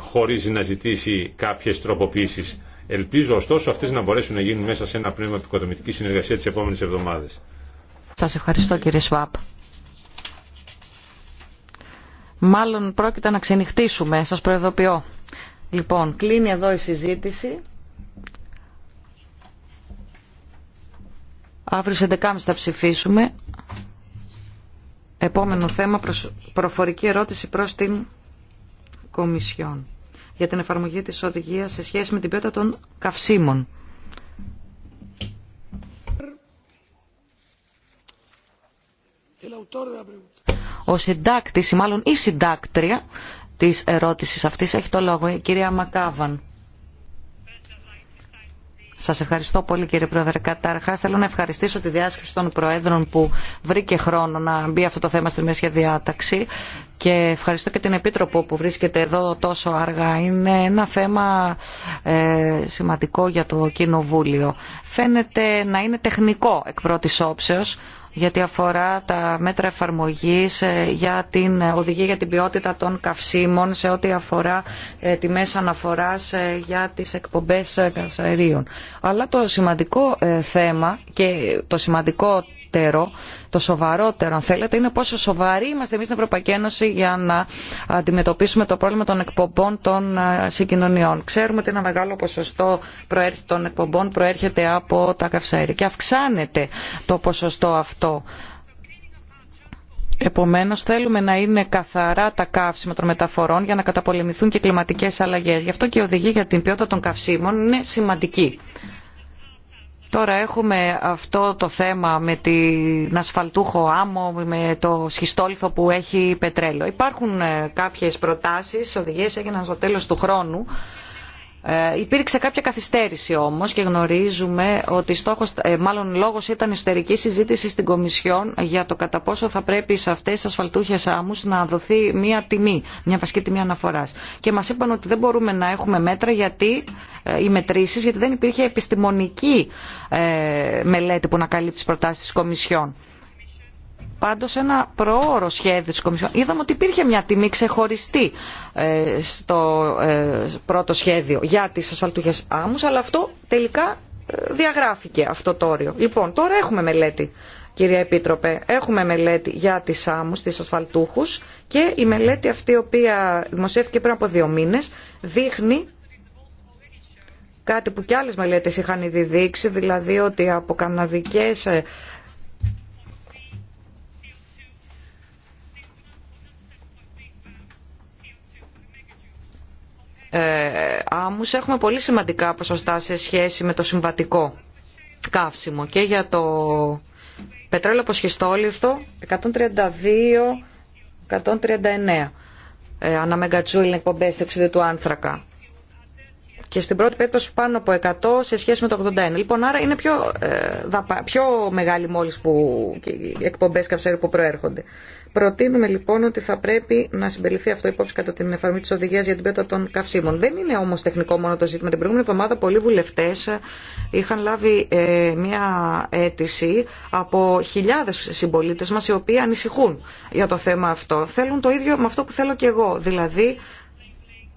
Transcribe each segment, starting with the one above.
χωρίς να ζητήσει κάποιες τροποποίησεις. Ελπίζω ωστόσο αυτές να μπορέσουν να γίνουν μέσα σε ένα πνεύμα επικοδομητικής συνεργασία τις επόμενες εβδομάδες. Σας ευχαριστώ κύριε Σβάπ. Μάλλον πρόκειται να ξενυχτήσουμε, σας προεδοποιώ. Λοιπόν, κλείνει εδώ η συζήτηση. Αύριο στις 11.30 θα ψηφίσουμε. Επόμενο θέμα, προφορική ερώτηση προς την για την εφαρμογή της οδηγίας σε σχέση με την πέτα των καυσίμων. Ο συντάκτης, ή μάλλον η συντάκτρια της ερώτησης αυτής έχει το λόγο, η κυρία Μακάβαν. Σας ευχαριστώ πολύ κύριε Πρόεδρε. Κατάρχας. θέλω να ευχαριστήσω τη διάσκεψη των Προέδρων που βρήκε χρόνο να μπει αυτό το θέμα στη μέση διάταξη και ευχαριστώ και την Επίτροπο που βρίσκεται εδώ τόσο αργά. Είναι ένα θέμα ε, σημαντικό για το Κοινοβούλιο. Φαίνεται να είναι τεχνικό εκ πρώτης όψεως, γιατί αφορά τα μέτρα εφαρμογής ε, για την ε, οδηγία για την ποιότητα των καυσίμων σε ό,τι αφορά ε, τη μέσα αναφοράς για τις εκπομπές καυσαερίων. Αλλά το σημαντικό θέμα και το σημαντικό μεγαλύτερο, το σοβαρότερο αν θέλετε, είναι πόσο σοβαροί είμαστε εμείς στην Ευρωπαϊκή Ένωση για να αντιμετωπίσουμε το πρόβλημα των εκπομπών των συγκοινωνιών. Ξέρουμε ότι ένα μεγάλο ποσοστό των εκπομπών προέρχεται από τα καυσαέρια και αυξάνεται το ποσοστό αυτό. Επομένως θέλουμε να είναι καθαρά τα καύσιμα των μεταφορών για να καταπολεμηθούν και κλιματικές αλλαγέ. Γι' αυτό και η οδηγία για την ποιότητα των καυσίμων είναι σημαντική. Τώρα έχουμε αυτό το θέμα με την ασφαλτούχο άμμο, με το σχιστόλιθο που έχει πετρέλαιο. Υπάρχουν ε, κάποιες προτάσεις, οδηγίες έγιναν στο τέλος του χρόνου ε, υπήρξε κάποια καθυστέρηση όμως και γνωρίζουμε ότι στόχος, ε, μάλλον λόγος ήταν εσωτερική συζήτηση στην Κομισιόν για το κατά πόσο θα πρέπει σε αυτές τις ασφαλτούχες άμμους να δοθεί μια τιμή, μια βασική τιμή αναφοράς. Και μας είπαν ότι δεν μπορούμε να έχουμε μέτρα γιατί ε, οι μετρήσεις, γιατί δεν υπήρχε επιστημονική μελέτη που να τι προτάσεις της Κομισιόν πάντω ένα προώρο σχέδιο τη Κομισιόν. Είδαμε ότι υπήρχε μια τιμή ξεχωριστή ε, στο ε, πρώτο σχέδιο για τι ασφαλτούχες άμμους, αλλά αυτό τελικά ε, διαγράφηκε αυτό το όριο. Λοιπόν, τώρα έχουμε μελέτη, κυρία Επίτροπε, έχουμε μελέτη για τι άμμους, τις ασφαλτούχους και η μελέτη αυτή, η οποία δημοσιεύτηκε πριν από δύο μήνε δείχνει κάτι που κι άλλες μελέτες είχαν ήδη δείξει, δηλαδή ότι από καναδικές Ε, άμμους έχουμε πολύ σημαντικά ποσοστά σε σχέση με το συμβατικό καύσιμο και για το πετρέλαιο αποσχιστόλιθο 132-139 ε, ανά μεγατζούλιν εκπομπές του άνθρακα και στην πρώτη περίπτωση πάνω από 100 σε σχέση με το 81. Λοιπόν, άρα είναι πιο, ε, μεγάλη μόλις που εκπομπές καυσέρι που προέρχονται. Προτείνουμε λοιπόν ότι θα πρέπει να συμπεριληφθεί αυτό υπόψη κατά την εφαρμογή τη οδηγία για την πέτα των καυσίμων. Δεν είναι όμω τεχνικό μόνο το ζήτημα. Την προηγούμενη εβδομάδα πολλοί βουλευτέ είχαν λάβει ε, μια αίτηση από χιλιάδε συμπολίτε μα οι οποίοι ανησυχούν για το θέμα αυτό. Θέλουν το ίδιο με αυτό που θέλω και εγώ. Δηλαδή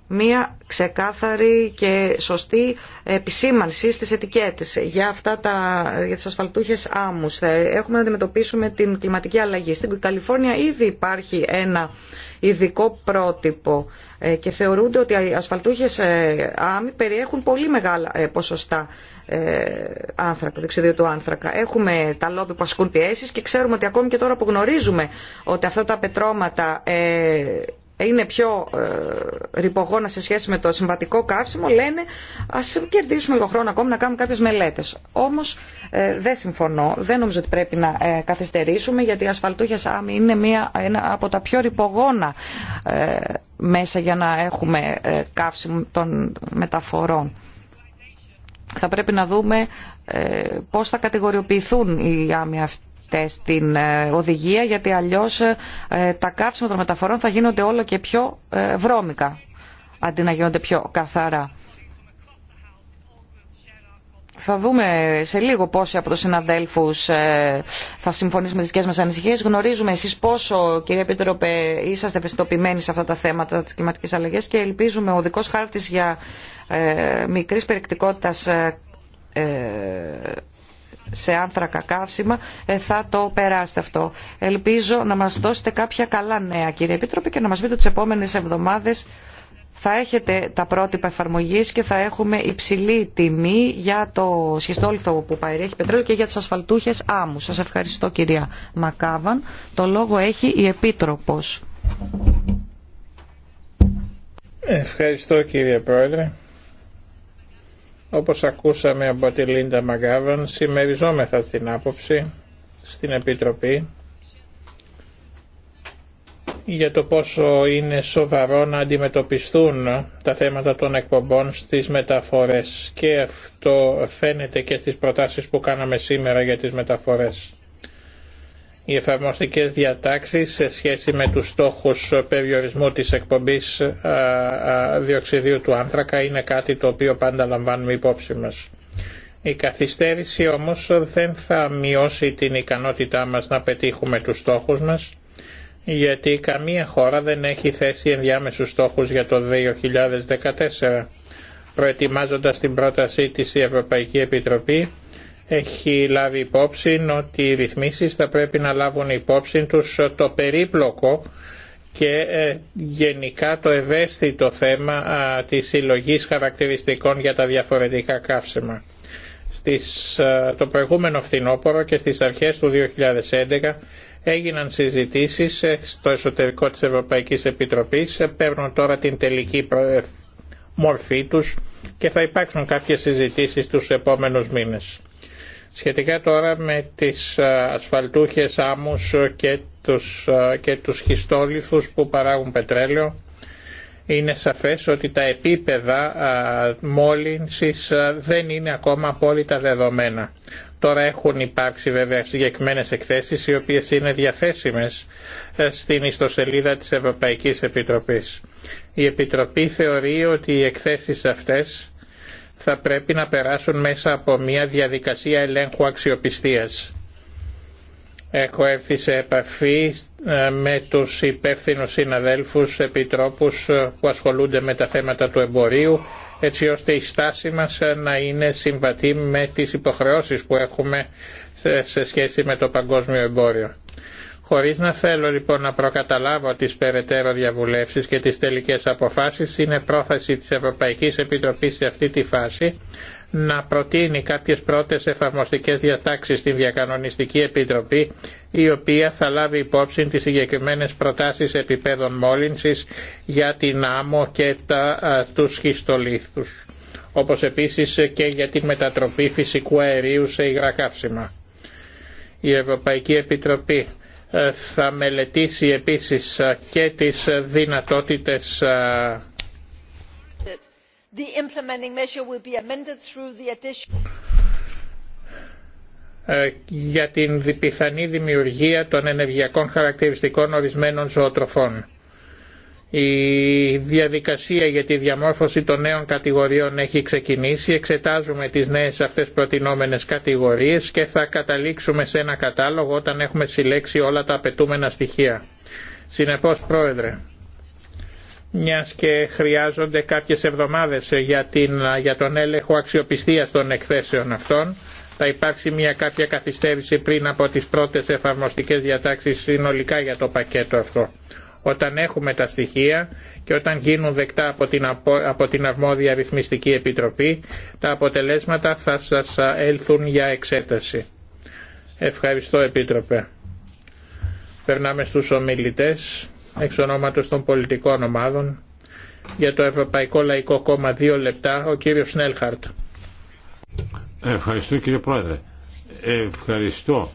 μία ξεκάθαρη και σωστή επισήμανση στις ετικέτες για, αυτά τα, για τις ασφαλτούχες άμμους. Έχουμε να αντιμετωπίσουμε την κλιματική αλλαγή. Στην Καλιφόρνια ήδη υπάρχει ένα ειδικό πρότυπο ε, και θεωρούνται ότι οι ασφαλτούχες ε, άμμοι περιέχουν πολύ μεγάλα ε, ποσοστά άνθρακα, δεξιδίου του άνθρακα. Έχουμε τα λόμπι που ασκούν πιέσεις και ξέρουμε ότι ακόμη και τώρα που γνωρίζουμε ότι αυτά τα πετρώματα είναι πιο ε, ρηπογόνα σε σχέση με το συμβατικό καύσιμο, λένε α κερδίσουμε λίγο χρόνο ακόμη να κάνουμε κάποιε μελέτε. Όμω ε, δεν συμφωνώ, δεν νομίζω ότι πρέπει να ε, καθυστερήσουμε, γιατί η ασφαλτούχια άμυ είναι μια, ένα από τα πιο ρηπογόνα ε, μέσα για να έχουμε καύσιμο των μεταφορών. Θα πρέπει να δούμε πώς θα κατηγοριοποιηθούν οι άμοι αυτοί στην ε, οδηγία γιατί αλλιώς ε, τα κάψιμα των μεταφορών θα γίνονται όλο και πιο ε, βρώμικα αντί να γίνονται πιο καθαρά. Θα δούμε σε λίγο πόσοι από τους συναδέλφους θα συμφωνήσουμε με τις δικές μας ανησυχίες. Γνωρίζουμε εσείς πόσο, κύριε Επίτροπε, είσαστε ευαισθητοποιημένοι σε αυτά τα θέματα της κλιματικής αλλαγής και ελπίζουμε ο δικός χάρτης για μικρή μικρής σε άνθρακα καύσιμα ε, θα το περάσετε αυτό. Ελπίζω να μας δώσετε κάποια καλά νέα κύριε Επίτροπε και να μας πείτε τις επόμενες εβδομάδες θα έχετε τα πρότυπα εφαρμογή και θα έχουμε υψηλή τιμή για το σχιστόλιθο που παρέχει πετρέλαιο και για τι ασφαλτούχε άμμου. Σα ευχαριστώ κυρία Μακάβαν. Το λόγο έχει η Επίτροπο. Ευχαριστώ κύριε Πρόεδρε. Όπως ακούσαμε από τη Λίντα Μαγκάβαν, συμμεριζόμεθα την άποψη στην Επιτροπή για το πόσο είναι σοβαρό να αντιμετωπιστούν τα θέματα των εκπομπών στις μεταφορές και αυτό φαίνεται και στις προτάσεις που κάναμε σήμερα για τις μεταφορές οι εφαρμοστικές διατάξεις σε σχέση με τους στόχους περιορισμού της εκπομπής διοξιδίου του άνθρακα είναι κάτι το οποίο πάντα λαμβάνουμε υπόψη μας. Η καθυστέρηση όμως δεν θα μειώσει την ικανότητά μας να πετύχουμε τους στόχους μας γιατί καμία χώρα δεν έχει θέσει ενδιάμεσους στόχους για το 2014. Προετοιμάζοντας την πρότασή της η Ευρωπαϊκή Επιτροπή έχει λάβει υπόψη ότι οι ρυθμίσεις θα πρέπει να λάβουν υπόψη τους το περίπλοκο και ε, γενικά το ευαίσθητο θέμα της συλλογή χαρακτηριστικών για τα διαφορετικά καύσιμα. Στις, το προηγούμενο φθινόπωρο και στις αρχές του 2011 έγιναν συζητήσεις ε, στο εσωτερικό της Ευρωπαϊκής Επιτροπής, ε, παίρνουν τώρα την τελική μορφή τους και θα υπάρξουν κάποιες συζητήσεις τους επόμενους μήνες. Σχετικά τώρα με τις ε, ασφαλτούχες άμμους και τους, ε, και τους χιστόλιθους που παράγουν πετρέλαιο, είναι σαφές ότι τα επίπεδα ε, μόλυνσης δεν είναι ακόμα απόλυτα δεδομένα. Τώρα έχουν υπάρξει βέβαια συγκεκριμένες εκθέσεις οι οποίες είναι διαθέσιμες στην ιστοσελίδα της Ευρωπαϊκής Επιτροπής. Η Επιτροπή θεωρεί ότι οι εκθέσεις αυτές θα πρέπει να περάσουν μέσα από μια διαδικασία ελέγχου αξιοπιστίας. Έχω έρθει σε επαφή ε, με τους υπεύθυνους συναδέλφους επιτρόπους ε, που ασχολούνται με τα θέματα του εμπορίου έτσι ώστε η στάση μας ε, να είναι συμβατή με τις υποχρεώσεις που έχουμε σε σχέση με το παγκόσμιο εμπόριο. Χωρίς να θέλω λοιπόν να προκαταλάβω τις περαιτέρω διαβουλεύσεις και τις τελικές αποφάσεις, είναι πρόθεση της Ευρωπαϊκής Επιτροπής σε αυτή τη φάση να προτείνει κάποιες πρώτες εφαρμοστικές διατάξεις στην Διακανονιστική Επιτροπή, η οποία θα λάβει υπόψη τις συγκεκριμένες προτάσεις επιπέδων μόλυνσης για την άμμο και τα, τους χιστολίθους, όπως επίσης και για τη μετατροπή φυσικού αερίου σε υγρά Η Ευρωπαϊκή Επιτροπή ε, θα μελετήσει επίσης ε, και τις ε, δυνατότητες για την πιθανή δημιουργία των ενεργειακών χαρακτηριστικών ορισμένων ζωοτροφών. Η διαδικασία για τη διαμόρφωση των νέων κατηγοριών έχει ξεκινήσει. Εξετάζουμε τις νέες αυτές προτινόμενες κατηγορίες και θα καταλήξουμε σε ένα κατάλογο όταν έχουμε συλλέξει όλα τα απαιτούμενα στοιχεία. Συνεπώς, Πρόεδρε, μιας και χρειάζονται κάποιες εβδομάδες για, την, για τον έλεγχο αξιοπιστίας των εκθέσεων αυτών, θα υπάρξει μια κάποια καθυστέρηση πριν από τις πρώτες εφαρμοστικές διατάξεις συνολικά για το πακέτο αυτό όταν έχουμε τα στοιχεία και όταν γίνουν δεκτά από την, από την αρμόδια ρυθμιστική επιτροπή, τα αποτελέσματα θα σας έλθουν για εξέταση. Ευχαριστώ Επίτροπε. Περνάμε στους ομιλητές εξ ονόματος των πολιτικών ομάδων. Για το Ευρωπαϊκό Λαϊκό Κόμμα, δύο λεπτά, ο κύριος Σνέλχαρτ. Ευχαριστώ κύριε Πρόεδρε. Ευχαριστώ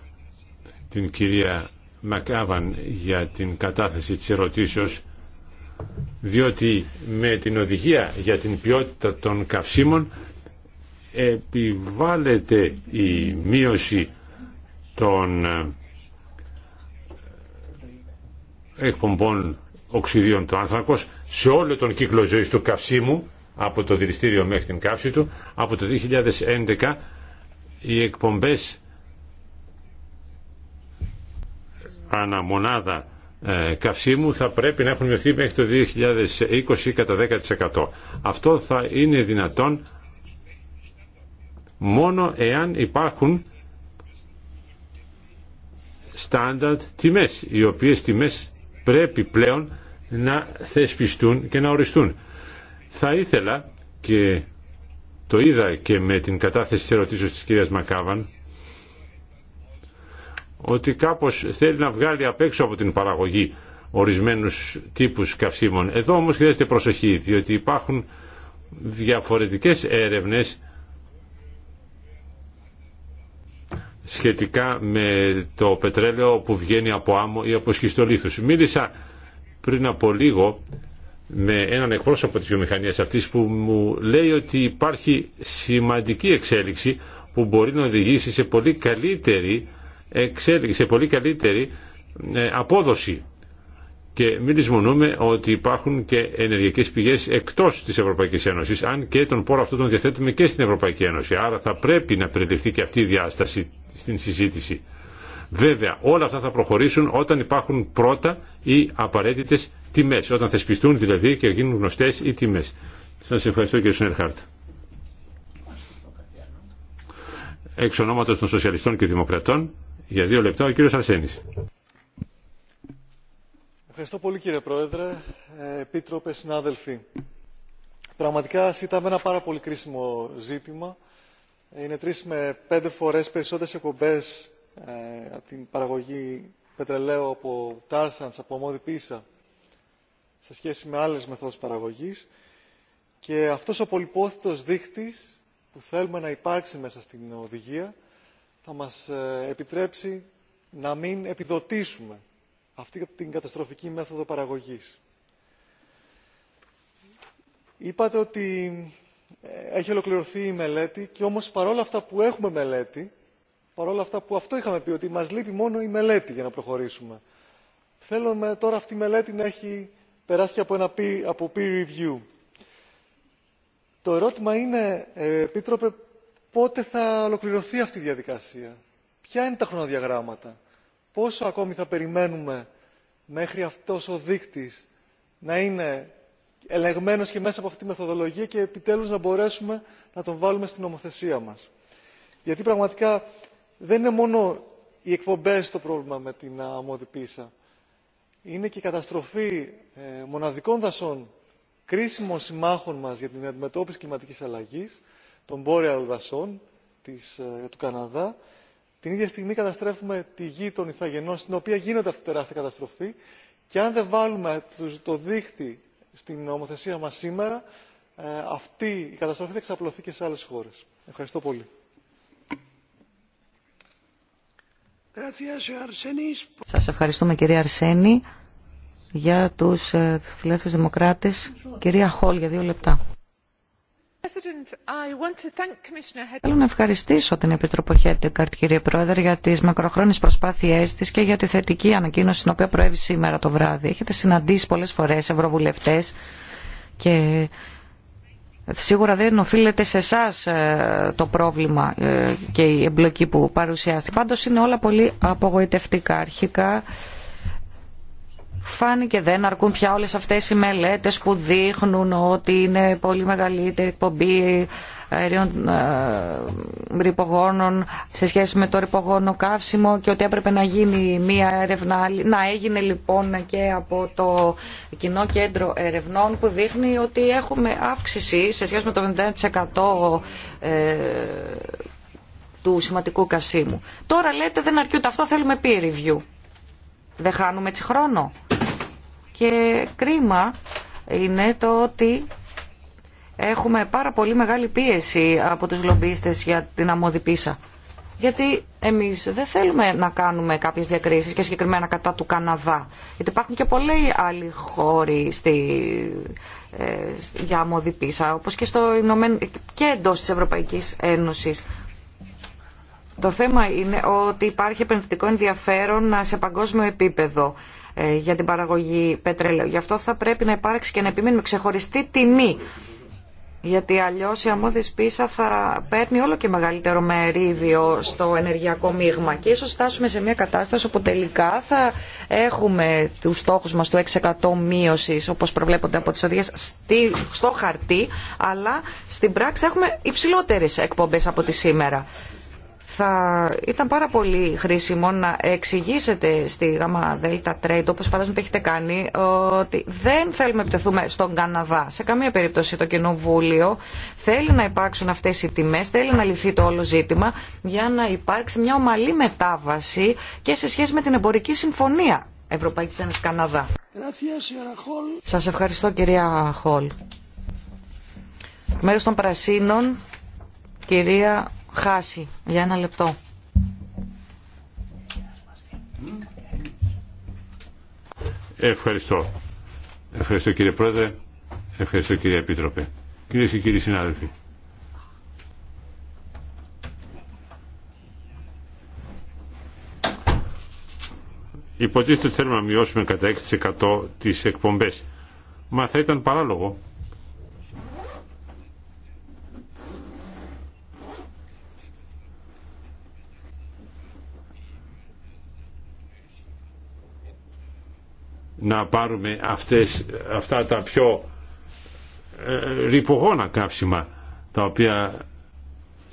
την κυρία Μακάβαν για την κατάθεση της ερωτήσεως διότι με την οδηγία για την ποιότητα των καυσίμων επιβάλλεται η μείωση των ε, εκπομπών οξυδίων του άνθρακος σε όλο τον κύκλο ζωής του καυσίμου από το δηληστήριο μέχρι την καύση του από το 2011 οι εκπομπές αναμονάδα ε, καυσίμου θα πρέπει να έχουν μειωθεί μέχρι το 2020 κατά 10%. Αυτό θα είναι δυνατόν μόνο εάν υπάρχουν στάνταρτ τιμές, οι οποίες τιμές πρέπει πλέον να θεσπιστούν και να οριστούν. Θα ήθελα και το είδα και με την κατάθεση της ερωτήσεως της κυρίας Μακάβαν ότι κάπως θέλει να βγάλει απ' έξω από την παραγωγή ορισμένους τύπους καυσίμων. Εδώ όμως χρειάζεται προσοχή, διότι υπάρχουν διαφορετικές έρευνες σχετικά με το πετρέλαιο που βγαίνει από άμμο ή από σχιστολίθους. Μίλησα πριν από λίγο με έναν εκπρόσωπο της βιομηχανίας αυτής που μου λέει ότι υπάρχει σημαντική εξέλιξη που μπορεί να οδηγήσει σε πολύ καλύτερη εξέλιξη, σε πολύ καλύτερη ε, απόδοση. Και μην λησμονούμε ότι υπάρχουν και ενεργειακέ πηγέ εκτό τη Ευρωπαϊκή Ένωση, αν και τον πόρο αυτό τον διαθέτουμε και στην Ευρωπαϊκή Ένωση. Άρα θα πρέπει να περιληφθεί και αυτή η διάσταση στην συζήτηση. Βέβαια, όλα αυτά θα προχωρήσουν όταν υπάρχουν πρώτα οι απαραίτητε τιμέ, όταν θεσπιστούν δηλαδή και γίνουν γνωστέ οι τιμέ. Σα ευχαριστώ κύριε Σνερχάρτ. Εξ ονόματο των Σοσιαλιστών και Δημοκρατών, για δύο λεπτά ο κύριος Αρσένης. Ευχαριστώ πολύ κύριε Πρόεδρε, ε, επίτροπε, συνάδελφοι. Πραγματικά ήταν ένα πάρα πολύ κρίσιμο ζήτημα. Είναι τρεις με πέντε φορές περισσότερες εκπομπές ε, από την παραγωγή πετρελαίου από Τάρσανς, από Μόδι Πίσα, σε σχέση με άλλες μεθόδους παραγωγής. Και αυτός ο πολυπόθητος δείχτης που θέλουμε να υπάρξει μέσα στην οδηγία θα μας ε, επιτρέψει να μην επιδοτήσουμε αυτή την καταστροφική μέθοδο παραγωγής. Είπατε ότι ε, έχει ολοκληρωθεί η μελέτη και όμως παρόλα αυτά που έχουμε μελέτη, παρόλα αυτά που αυτό είχαμε πει, ότι μας λείπει μόνο η μελέτη για να προχωρήσουμε. Θέλουμε τώρα αυτή η μελέτη να έχει περάσει από, ένα, από peer review. Το ερώτημα είναι, ε, Επίτροπε, πότε θα ολοκληρωθεί αυτή η διαδικασία ποια είναι τα χρονοδιαγράμματα πόσο ακόμη θα περιμένουμε μέχρι αυτός ο δείκτης να είναι ελεγμένος και μέσα από αυτή τη μεθοδολογία και επιτέλους να μπορέσουμε να τον βάλουμε στην ομοθεσία μας. Γιατί πραγματικά δεν είναι μόνο οι εκπομπές το πρόβλημα με την αμμοδιπίσα. Είναι και η καταστροφή ε, μοναδικών δασών κρίσιμων συμμάχων μας για την αντιμετώπιση κλιματικής αλλαγής των Boreal δασών της, ε, του Καναδά. Την ίδια στιγμή καταστρέφουμε τη γη των Ιθαγενών στην οποία γίνεται αυτή η τεράστια καταστροφή και αν δεν βάλουμε το δίχτυ στην νομοθεσία μας σήμερα ε, αυτή η καταστροφή θα εξαπλωθεί και σε άλλες χώρες. Ευχαριστώ πολύ. Σας ευχαριστούμε κυρία Αρσένη για τους ε, φιλεύθερους δημοκράτες. Κυρία Χόλ για δύο λεπτά. Θέλω να ευχαριστήσω την Επίτροπο Κάρτ κύριε Πρόεδρε, για τι μακροχρόνιες προσπάθειέ τη και για τη θετική ανακοίνωση την οποία προέβη σήμερα το βράδυ. Έχετε συναντήσει πολλέ φορέ ευρωβουλευτέ και σίγουρα δεν οφείλεται σε εσά ε, το πρόβλημα ε, και η εμπλοκή που παρουσιάστηκε. Πάντω είναι όλα πολύ απογοητευτικά. Αρχικά φάνηκε δεν αρκούν πια όλες αυτές οι μελέτες που δείχνουν ότι είναι πολύ μεγαλύτερη εκπομπή ε, αερίων ε, ρηπογόνων σε σχέση με το ρηπογόνο καύσιμο και ότι έπρεπε να γίνει μία έρευνα, να έγινε λοιπόν και από το Κοινό Κέντρο Ερευνών που δείχνει ότι έχουμε αύξηση σε σχέση με το 51% ε, του σημαντικού κασίμου. Τώρα λέτε δεν αρκεί αυτό, θέλουμε peer review. Δεν χάνουμε έτσι χρόνο. Και κρίμα είναι το ότι έχουμε πάρα πολύ μεγάλη πίεση από τους λομπίστες για την αμμοδιπίσα. Γιατί εμείς δεν θέλουμε να κάνουμε κάποιες διακρίσεις και συγκεκριμένα κατά του Καναδά. Γιατί υπάρχουν και πολλοί άλλοι χώροι στη, ε, για αμμοδιπίσα, όπως και, στο Ηνωμένο, και εντός της Ευρωπαϊκής Ένωσης. Το θέμα είναι ότι υπάρχει επενδυτικό ενδιαφέρον σε παγκόσμιο επίπεδο ε, για την παραγωγή πετρελαίου. Γι' αυτό θα πρέπει να υπάρξει και να επιμείνουμε ξεχωριστή τιμή. Γιατί αλλιώ η αμμόδη πίσα θα παίρνει όλο και μεγαλύτερο μερίδιο στο ενεργειακό μείγμα. Και ίσω φτάσουμε σε μια κατάσταση όπου τελικά θα έχουμε του στόχου μα του 6% μείωση, όπω προβλέπονται από τι οδηγίε, στο χαρτί, αλλά στην πράξη θα έχουμε υψηλότερε εκπομπέ από τη σήμερα. Θα ήταν πάρα πολύ χρήσιμο να εξηγήσετε στη ΓΑΜΑ ΔΕΛΤΑ Τρέιντ, όπως φαντάζομαι ότι έχετε κάνει, ότι δεν θέλουμε να επιτεθούμε στον Καναδά. Σε καμία περίπτωση το Κοινοβούλιο θέλει να υπάρξουν αυτές οι τιμές, θέλει να λυθεί το όλο ζήτημα για να υπάρξει μια ομαλή μετάβαση και σε σχέση με την εμπορική συμφωνία Ευρωπαϊκή Ένωση Καναδά. Σα ευχαριστώ κυρία Χολ. Μέρος των Πρασίνων, κυρία χάσει για ένα λεπτό. Ευχαριστώ. Ευχαριστώ κύριε Πρόεδρε. Ευχαριστώ κύριε Επίτροπε. Κυρίες και κύριοι συνάδελφοι. Υποτίθεται ότι θέλουμε να μειώσουμε κατά 6% τις εκπομπές. Μα θα ήταν παράλογο να πάρουμε αυτές, αυτά τα πιο ε, ρηπογόνα καύσιμα τα οποία,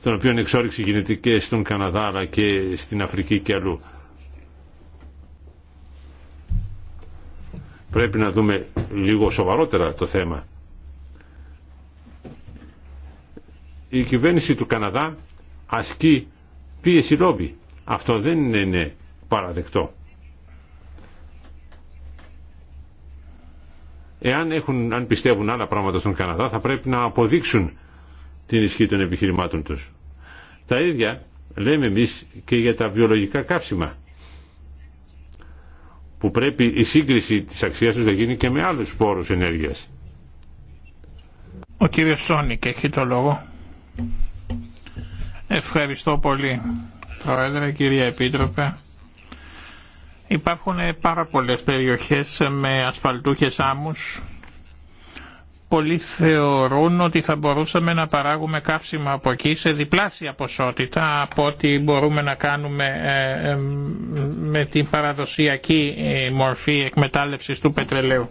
των οποίων εξόριξη γίνεται και στον Καναδά αλλά και στην Αφρική και αλλού. Πρέπει να δούμε λίγο σοβαρότερα το θέμα. Η κυβέρνηση του Καναδά ασκεί πίεση λόμπι. Αυτό δεν είναι παραδεκτό. Εάν έχουν, αν πιστεύουν άλλα πράγματα στον Καναδά, θα πρέπει να αποδείξουν την ισχύ των επιχειρημάτων τους. Τα ίδια λέμε εμείς και για τα βιολογικά καύσιμα που πρέπει η σύγκριση της αξίας τους να γίνει και με άλλους πόρους ενέργειας. Ο κύριος Σόνικ έχει το λόγο. Ευχαριστώ πολύ, Πρόεδρε, κυρία Επίτροπε. Υπάρχουν ε, πάρα πολλές περιοχές ε, με ασφαλτούχες άμμους. Πολλοί θεωρούν ότι θα μπορούσαμε να παράγουμε καύσιμα από εκεί σε διπλάσια ποσότητα από ό,τι μπορούμε να κάνουμε ε, με την παραδοσιακή μορφή εκμετάλλευσης του πετρελαίου.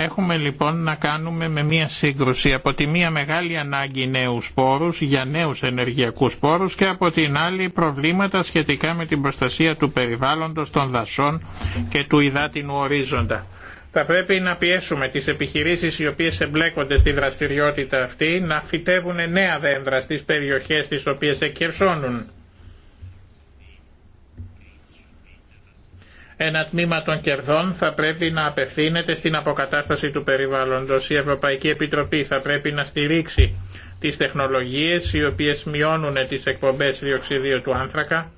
Έχουμε λοιπόν να κάνουμε με μία σύγκρουση από τη μία μεγάλη ανάγκη νέους πόρους για νέους ενεργειακούς πόρους και από την άλλη προβλήματα σχετικά με την προστασία του περιβάλλοντος, των δασών και του υδάτινου ορίζοντα. Θα πρέπει να πιέσουμε τις επιχειρήσεις οι οποίες εμπλέκονται στη δραστηριότητα αυτή να φυτεύουν νέα δέντρα στις περιοχές τις οποίες εκκερσώνουν ένα τμήμα των κερδών θα πρέπει να απευθύνεται στην αποκατάσταση του περιβάλλοντος. Η Ευρωπαϊκή Επιτροπή θα πρέπει να στηρίξει τις τεχνολογίες οι οποίες μειώνουν τις εκπομπές διοξιδίου του άνθρακα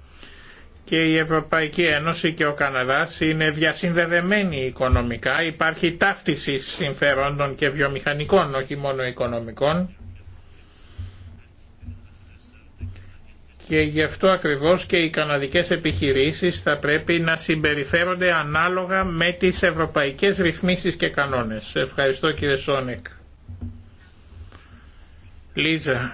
και η Ευρωπαϊκή Ένωση και ο Καναδάς είναι διασυνδεδεμένοι οικονομικά, υπάρχει ταύτιση συμφερόντων και βιομηχανικών, όχι μόνο οικονομικών και γι' αυτό ακριβώς και οι καναδικές επιχειρήσεις θα πρέπει να συμπεριφέρονται ανάλογα με τις ευρωπαϊκές ρυθμίσεις και κανόνες. Ευχαριστώ κύριε Σόνικ. Λίζα.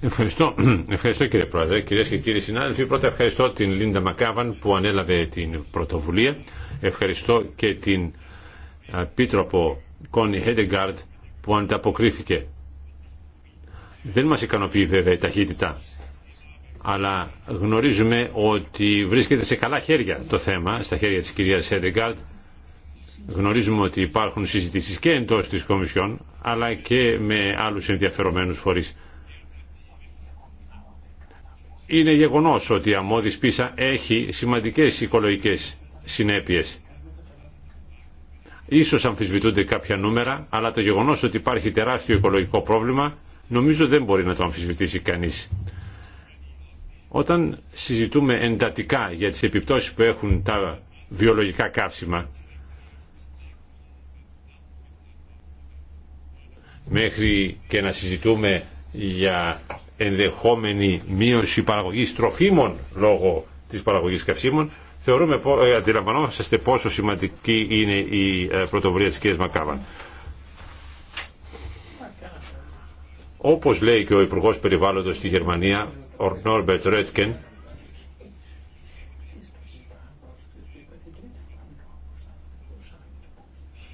Ευχαριστώ. ευχαριστώ κύριε Πρόεδρε, κυρίε και κύριοι συνάδελφοι. Πρώτα ευχαριστώ την Λίντα Μακάβαν που ανέλαβε την πρωτοβουλία. Ευχαριστώ και την πίτροπο Κόνι Χέντεγκάρντ που ανταποκρίθηκε δεν μας ικανοποιεί βέβαια η ταχύτητα, αλλά γνωρίζουμε ότι βρίσκεται σε καλά χέρια το θέμα, στα χέρια της κυρίας Σέντεγκάρτ. Γνωρίζουμε ότι υπάρχουν συζητήσεις και εντός της Κομισιόν, αλλά και με άλλους ενδιαφερομένους φορείς. Είναι γεγονός ότι η αμμώδης πίσα έχει σημαντικές οικολογικές συνέπειες. Ίσως αμφισβητούνται κάποια νούμερα, αλλά το γεγονός ότι υπάρχει τεράστιο οικολογικό πρόβλημα νομίζω δεν μπορεί να το αμφισβητήσει κανείς. Όταν συζητούμε εντατικά για τις επιπτώσεις που έχουν τα βιολογικά καύσιμα, μέχρι και να συζητούμε για ενδεχόμενη μείωση παραγωγής τροφίμων λόγω της παραγωγής καυσίμων, θεωρούμε, ε, αντιλαμβανόμαστε πόσο σημαντική είναι η ε, πρωτοβουλία της κ. Μακάβαν. Όπως λέει και ο υπουργό Περιβάλλοντος στη Γερμανία, ο Νόρμπερτ Ρέτκεν,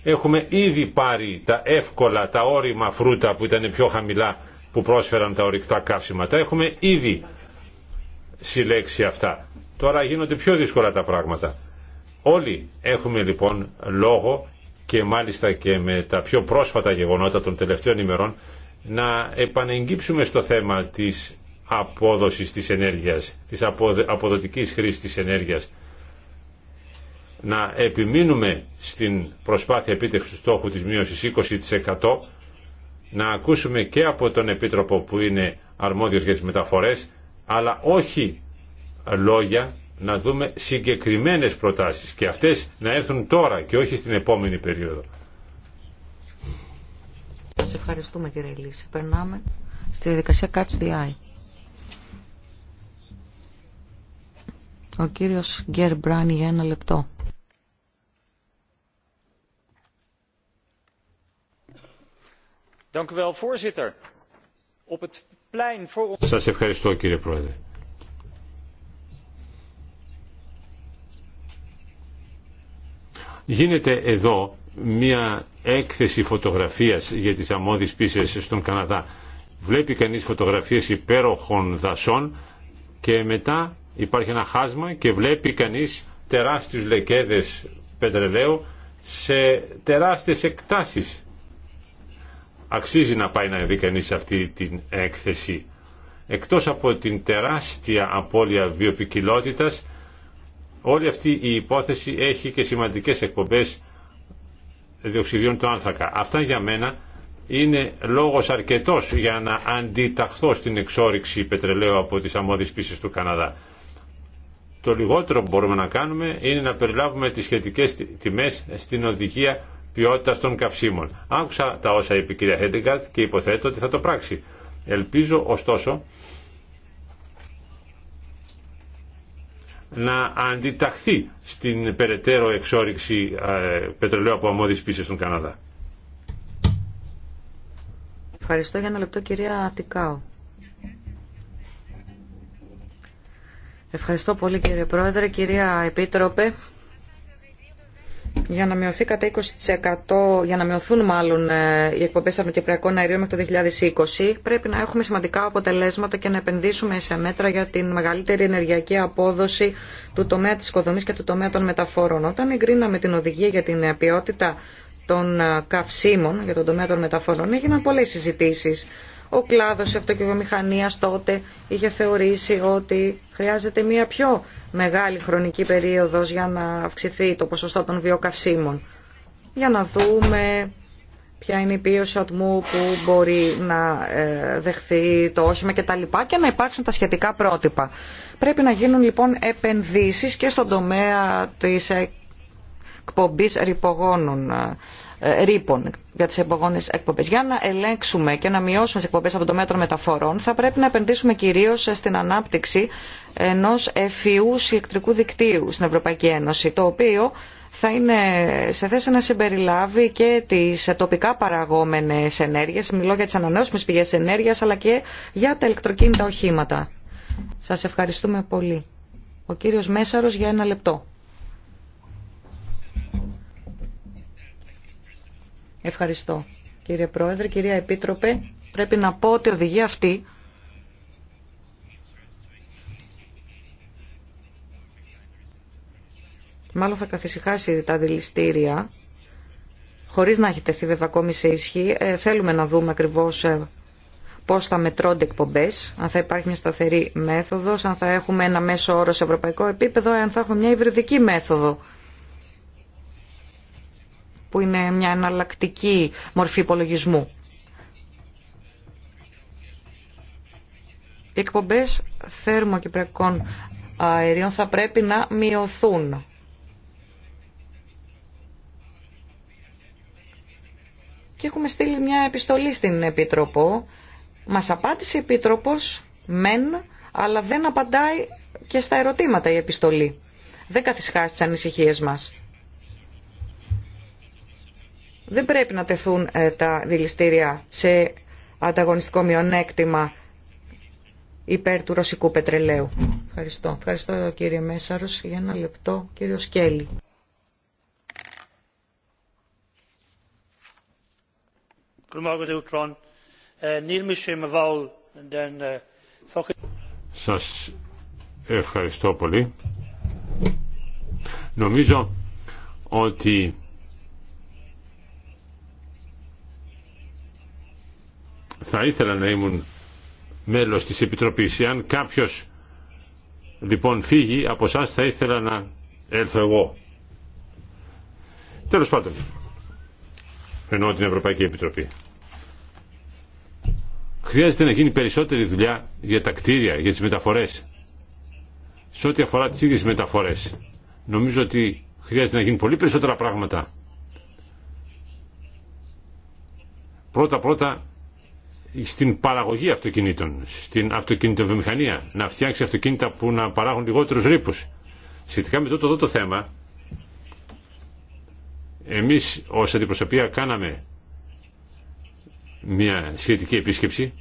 έχουμε ήδη πάρει τα εύκολα, τα όρημα φρούτα που ήταν πιο χαμηλά που πρόσφεραν τα ορυκτά καύσιμα. Τα έχουμε ήδη συλλέξει αυτά. Τώρα γίνονται πιο δύσκολα τα πράγματα. Όλοι έχουμε λοιπόν λόγο και μάλιστα και με τα πιο πρόσφατα γεγονότα των τελευταίων ημερών να επανεγκύψουμε στο θέμα της απόδοσης της ενέργειας, της αποδοτικής χρήσης της ενέργειας, να επιμείνουμε στην προσπάθεια επίτευξης του στόχου της μείωσης 20%, να ακούσουμε και από τον Επίτροπο που είναι αρμόδιος για τις μεταφορές, αλλά όχι λόγια, να δούμε συγκεκριμένες προτάσεις και αυτές να έρθουν τώρα και όχι στην επόμενη περίοδο. Σας ευχαριστούμε κύριε Λύση. Περνάμε στη διαδικασία Catch the Eye. Ο κύριος Γκέρ Μπράνι για ένα λεπτό. Σας ευχαριστώ κύριε Πρόεδρε. Γίνεται εδώ μια έκθεση φωτογραφίας για τις αμμώδεις πίσες στον Καναδά. Βλέπει κανείς φωτογραφίες υπέροχων δασών και μετά υπάρχει ένα χάσμα και βλέπει κανείς τεράστιους λεκέδες πετρελαίου σε τεράστιες εκτάσεις. Αξίζει να πάει να δει κανείς αυτή την έκθεση. Εκτός από την τεράστια απώλεια βιοπικιλότητας, όλη αυτή η υπόθεση έχει και σημαντικές εκπομπές διοξιδίων του άνθρακα. Αυτά για μένα είναι λόγος αρκετός για να αντιταχθώ στην εξόριξη πετρελαίου από τις αμμώδεις πίσες του Καναδά. Το λιγότερο που μπορούμε να κάνουμε είναι να περιλάβουμε τις σχετικές τιμές στην οδηγία ποιότητας των καυσίμων. Άκουσα τα όσα είπε η κυρία Χέντεγκαρτ και υποθέτω ότι θα το πράξει. Ελπίζω ωστόσο να αντιταχθεί στην περαιτέρω εξόριξη ε, πετρελαίου από αμμώδεις πίσω στον Καναδά. Ευχαριστώ για ένα λεπτό κυρία Τικάου. Ευχαριστώ πολύ κύριε Πρόεδρε, κυρία Επίτροπε για να μειωθεί κατά 20%, για να μειωθούν μάλλον ε, οι εκπομπές κυπριακών αερίων μέχρι το 2020, πρέπει να έχουμε σημαντικά αποτελέσματα και να επενδύσουμε σε μέτρα για την μεγαλύτερη ενεργειακή απόδοση του τομέα τη οικοδομή και του τομέα των μεταφορών. Όταν εγκρίναμε την οδηγία για την ε, ποιότητα των ε, καυσίμων για τον τομέα των μεταφορών έγιναν πολλέ συζητήσει ο κλάδος της τότε είχε θεωρήσει ότι χρειάζεται μια πιο μεγάλη χρονική περίοδος για να αυξηθεί το ποσοστό των βιοκαυσίμων. Για να δούμε ποια είναι η πίωση ατμού που μπορεί να ε, δεχθεί το όχημα κτλ. Και, και να υπάρξουν τα σχετικά πρότυπα. Πρέπει να γίνουν λοιπόν επενδύσεις και στον τομέα της εκπομπή ρηπογόνων, ε, ε, ρήπων για τι επογόνε εκπομπέ. Για να ελέγξουμε και να μειώσουμε τι εκπομπέ από το μέτρο μεταφορών θα πρέπει να επενδύσουμε κυρίω στην ανάπτυξη ενό εφιούς ηλεκτρικού δικτύου στην Ευρωπαϊκή Ένωση, το οποίο θα είναι σε θέση να συμπεριλάβει και τι τοπικά παραγόμενε ενέργειες, μιλώ για τι ανανεώσιμε πηγέ ενέργεια, αλλά και για τα ηλεκτροκίνητα οχήματα. Σα ευχαριστούμε πολύ. Ο κύριος Μέσαρος για ένα λεπτό. Ευχαριστώ. Κύριε Πρόεδρε, κυρία Επίτροπε, πρέπει να πω ότι οδηγεί αυτή μάλλον θα καθησυχάσει τα δηληστήρια χωρίς να έχει τεθεί βέβαια ακόμη σε ισχύ. Ε, θέλουμε να δούμε ακριβώς ε, πώς θα μετρώνται εκπομπές, αν θα υπάρχει μια σταθερή μέθοδος, αν θα έχουμε ένα μέσο όρο σε ευρωπαϊκό επίπεδο, αν θα έχουμε μια υβριδική μέθοδο που είναι μια εναλλακτική μορφή υπολογισμού. Οι εκπομπές θερμοκυπριακών αερίων θα πρέπει να μειωθούν. Και έχουμε στείλει μια επιστολή στην Επίτροπο. Μας απάντησε η Επίτροπος, μεν, αλλά δεν απαντάει και στα ερωτήματα η επιστολή. Δεν καθισχάσει τι ανησυχίες μας δεν πρέπει να τεθούν ε, τα δηληστήρια σε ανταγωνιστικό μειονέκτημα υπέρ του ρωσικού πετρελαίου. Ευχαριστώ. Ευχαριστώ κύριε Μέσαρος. Για ένα λεπτό κύριο Σκέλη. Σας ευχαριστώ πολύ. Νομίζω ότι Θα ήθελα να ήμουν μέλος της Επιτροπής. αν κάποιος λοιπόν φύγει από εσά θα ήθελα να έλθω εγώ. Τέλος πάντων, εννοώ την Ευρωπαϊκή Επιτροπή. Χρειάζεται να γίνει περισσότερη δουλειά για τα κτίρια, για τις μεταφορές. Σε ό,τι αφορά τις ίδιες μεταφορές, νομίζω ότι χρειάζεται να γίνει πολυ πολύ περισσότερα πράγματα. Πρώτα-πρώτα στην παραγωγή αυτοκινήτων, στην αυτοκινητοβιομηχανία, να φτιάξει αυτοκίνητα που να παράγουν λιγότερους ρήπους. Σχετικά με το εδώ το θέμα, εμείς ως αντιπροσωπεία κάναμε μια σχετική επίσκεψη,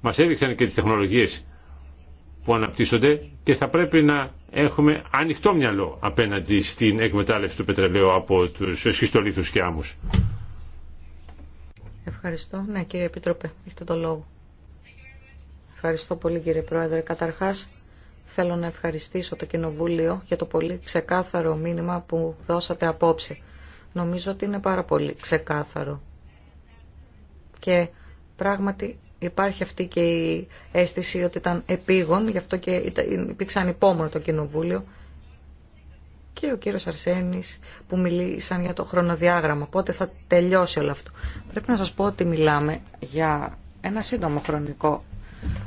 μας έδειξαν και τις τεχνολογίες που αναπτύσσονται και θα πρέπει να έχουμε ανοιχτό μυαλό απέναντι στην εκμετάλλευση του πετρελαίου από τους σχιστολίθους και άμμους. Ευχαριστώ. Ναι, κύριε Επίτροπε, έχετε το λόγο. Ευχαριστώ πολύ κύριε Πρόεδρε. Καταρχάς, θέλω να ευχαριστήσω το Κοινοβούλιο για το πολύ ξεκάθαρο μήνυμα που δώσατε απόψε. Νομίζω ότι είναι πάρα πολύ ξεκάθαρο. Και πράγματι υπάρχει αυτή και η αίσθηση ότι ήταν επίγον, γι' αυτό και υπήρξαν υπόμονο το Κοινοβούλιο και ο κύριος Αρσένης που μιλήσαν για το χρονοδιάγραμμα, πότε θα τελειώσει όλο αυτό. Πρέπει να σας πω ότι μιλάμε για ένα σύντομο χρονικό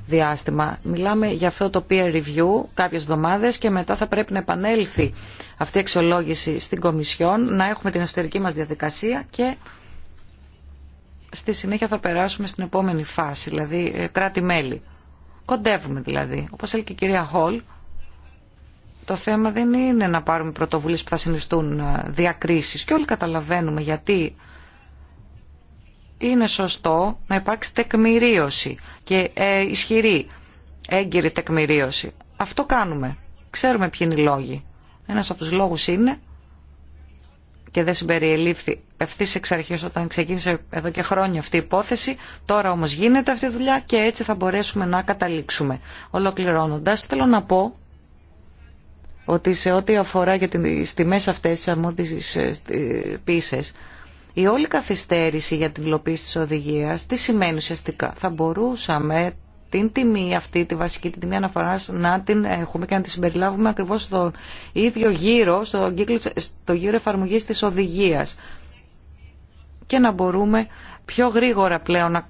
διάστημα. Μιλάμε για αυτό το peer review κάποιες εβδομάδες και μετά θα πρέπει να επανέλθει αυτή η εξολόγηση στην Κομισιόν, να έχουμε την εσωτερική μας διαδικασία και στη συνέχεια θα περάσουμε στην επόμενη φάση, δηλαδή ε, κράτη-μέλη. Κοντεύουμε δηλαδή. Όπως έλεγε η κυρία Χολ, το θέμα δεν είναι να πάρουμε πρωτοβουλίες που θα συνιστούν ε, διακρίσεις και όλοι καταλαβαίνουμε γιατί είναι σωστό να υπάρξει τεκμηρίωση και ε, ισχυρή έγκυρη τεκμηρίωση. Αυτό κάνουμε. Ξέρουμε ποιοι είναι οι λόγοι. Ένας από τους λόγους είναι και δεν συμπεριελήφθη ευθύ εξ αρχή όταν ξεκίνησε εδώ και χρόνια αυτή η υπόθεση. Τώρα όμω γίνεται αυτή η δουλειά και έτσι θα μπορέσουμε να καταλήξουμε. Ολοκληρώνοντα, θέλω να πω ότι σε ό,τι αφορά για τις τιμές αυτές τις ε, ε, πίσες, η όλη καθυστέρηση για την υλοποίηση της οδηγίας, τι σημαίνει ουσιαστικά. Θα μπορούσαμε την τιμή αυτή, τη βασική την τιμή αναφοράς, να την έχουμε και να τη συμπεριλάβουμε ακριβώς στο ίδιο γύρο, στο, στο γύρο εφαρμογής της οδηγίας και να μπορούμε πιο γρήγορα πλέον να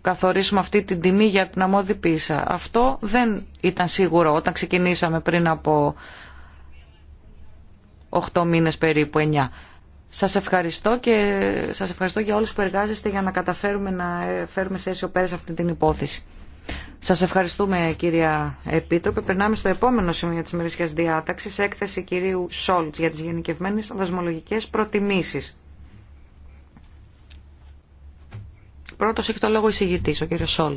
καθορίσουμε αυτή την τιμή για την αμμόδη πίσα. Αυτό δεν ήταν σίγουρο όταν ξεκινήσαμε πριν από 8 μήνες περίπου, 9. Σας ευχαριστώ και σας ευχαριστώ για όλους που εργάζεστε για να καταφέρουμε να φέρουμε σε αίσιο πέρας αυτή την υπόθεση. Σας ευχαριστούμε κυρία Επίτροπε. Περνάμε στο επόμενο σημείο της μερίσιας διάταξης, έκθεση κυρίου Σόλτς για τις γενικευμένες δασμολογικές προτιμήσεις. Πρώτος έχει το λόγο εισηγητής, ο κύριος Σόλτ.